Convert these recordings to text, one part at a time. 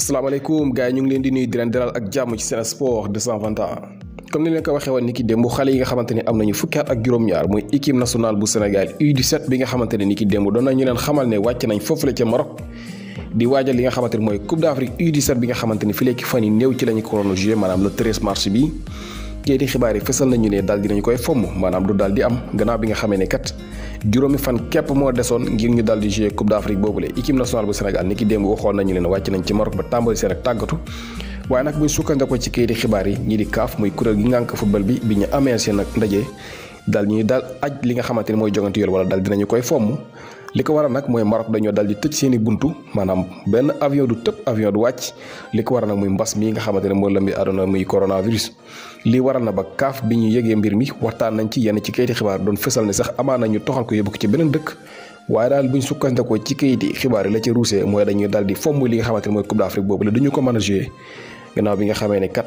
assalamu alaykum gaay ñu ngi leen di nuyu di leen dalal ak jàmm ci Sen Sport ans comme ni leen ko waxee woon niki ki démb xale yi nga xamante ne am nañu fukki at ak juróom-ñaar mooy équipe nationale bu Sénégal U17 bi nga xamante ne ni ki démb doon nañu leen xamal ne wàcc nañ foofule ca Maroc di waajal li nga xamante ne mooy Coupe d'Afrique U17 bi nga xamante fi fileeki fan yi néew ci lañu ko waroon a joué maanaam le 13 mars bi keyti xibaar yi fësal nañu ne daal dinañu koy fomm maanaam du daal di am gannaaw bi nga xamee ne kat juróomi fan képp moo desoon ngir ñu daal di jouer Coupe d'Afrique boobule équipe nationale bu Sénégal ni ki démb waxoon nañu leen wàcc nañ ci Maroc ba tàmbali seen ak tàggatu waaye nag buy sukkandikoo ci keyti xibaar yi ñi di kaaf muy kuréel gi ngànk football bi bi ñu amee seen ak ndaje daal ñuy daal aj li nga xamante ni mooy jogante yool wala daal dinañu koy fomm li ko war a nag mooy Maroc dañoo dal di tëj seeni buntu maanaam benn avion du tëb avion du wàcc li ko waral nag muy mbas mii nga xamante ne la lëmbi àdduna muy coronavirus. lii waral na ba kaaf bi ñu yëgee mbir mi waxtaan nañ ci yenn ci kayiti xibaar doon fësal ne sax amaan nañu toxal ko yóbbu ko ci beneen dëkk. waaye daal buñ sukkandikoo ci kayiti xibaar yi la ci ruusee mooy dañuy dal di fomm li nga xamante ne mooy Coupe d'Afrique boobu la duñu ko mën a jouer gannaaw bi nga xamee ne kat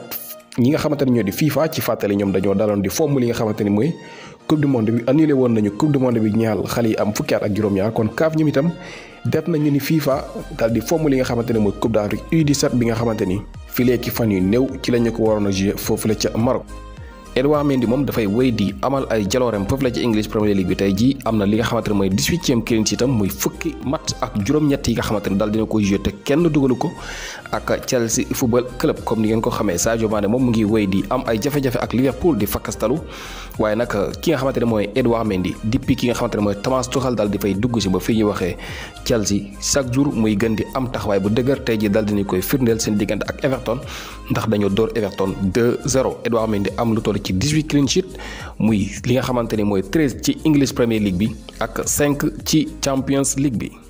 ñi nga xamante ne ñoo di FIFA ci fàttali ñoom dañoo daloon di fomm li nga xamante ni mooy coupe du monde bi annulé woon nañu coupe du monde bi ñaal xale yi am fukki at ak juróom-ñaar kon kaaf ñoom itam def nañu ni FIFA daal di fomm li nga xamante ne mooy coupe d'Afrique U17 bi nga xamante ni filee ci fan yu néew ci lañu ko waroon a joué foofu la ca Maroc. Edouard Mendy moom dafay wéy di amal ay jaloorem foofu la ci English Premier League bi tey jii am na li nga xamante ne mooy dix-huitième clean sheet itam muy fukki mat xamante ne daal dina ko joué te kenn dugalu ko ak Chelsea Football Club comme ni ngeen ko xamee Sadio Mané moom mu ngi wéy di am ay jafe-jafe ak Liverpool di fakkastalu waaye nag euh, ki nga xamante ne mooy Edouard Mendy depuis ki nga xamante ne mooy Thomas Tuchel daal dafay dugg si ba fii ñuy waxee Chelsea chaque jour muy gën di am taxawaay bu dëgër tey jii daal dinañ koy firndeel seen diggante ak Everton ndax dañoo door Everton 2-0 Edouard Mendy am lu toll ci 18 clean sheet muy li nga xamante ni mooy 13 ci English Premier League bi ak 5 ci Champions League bi.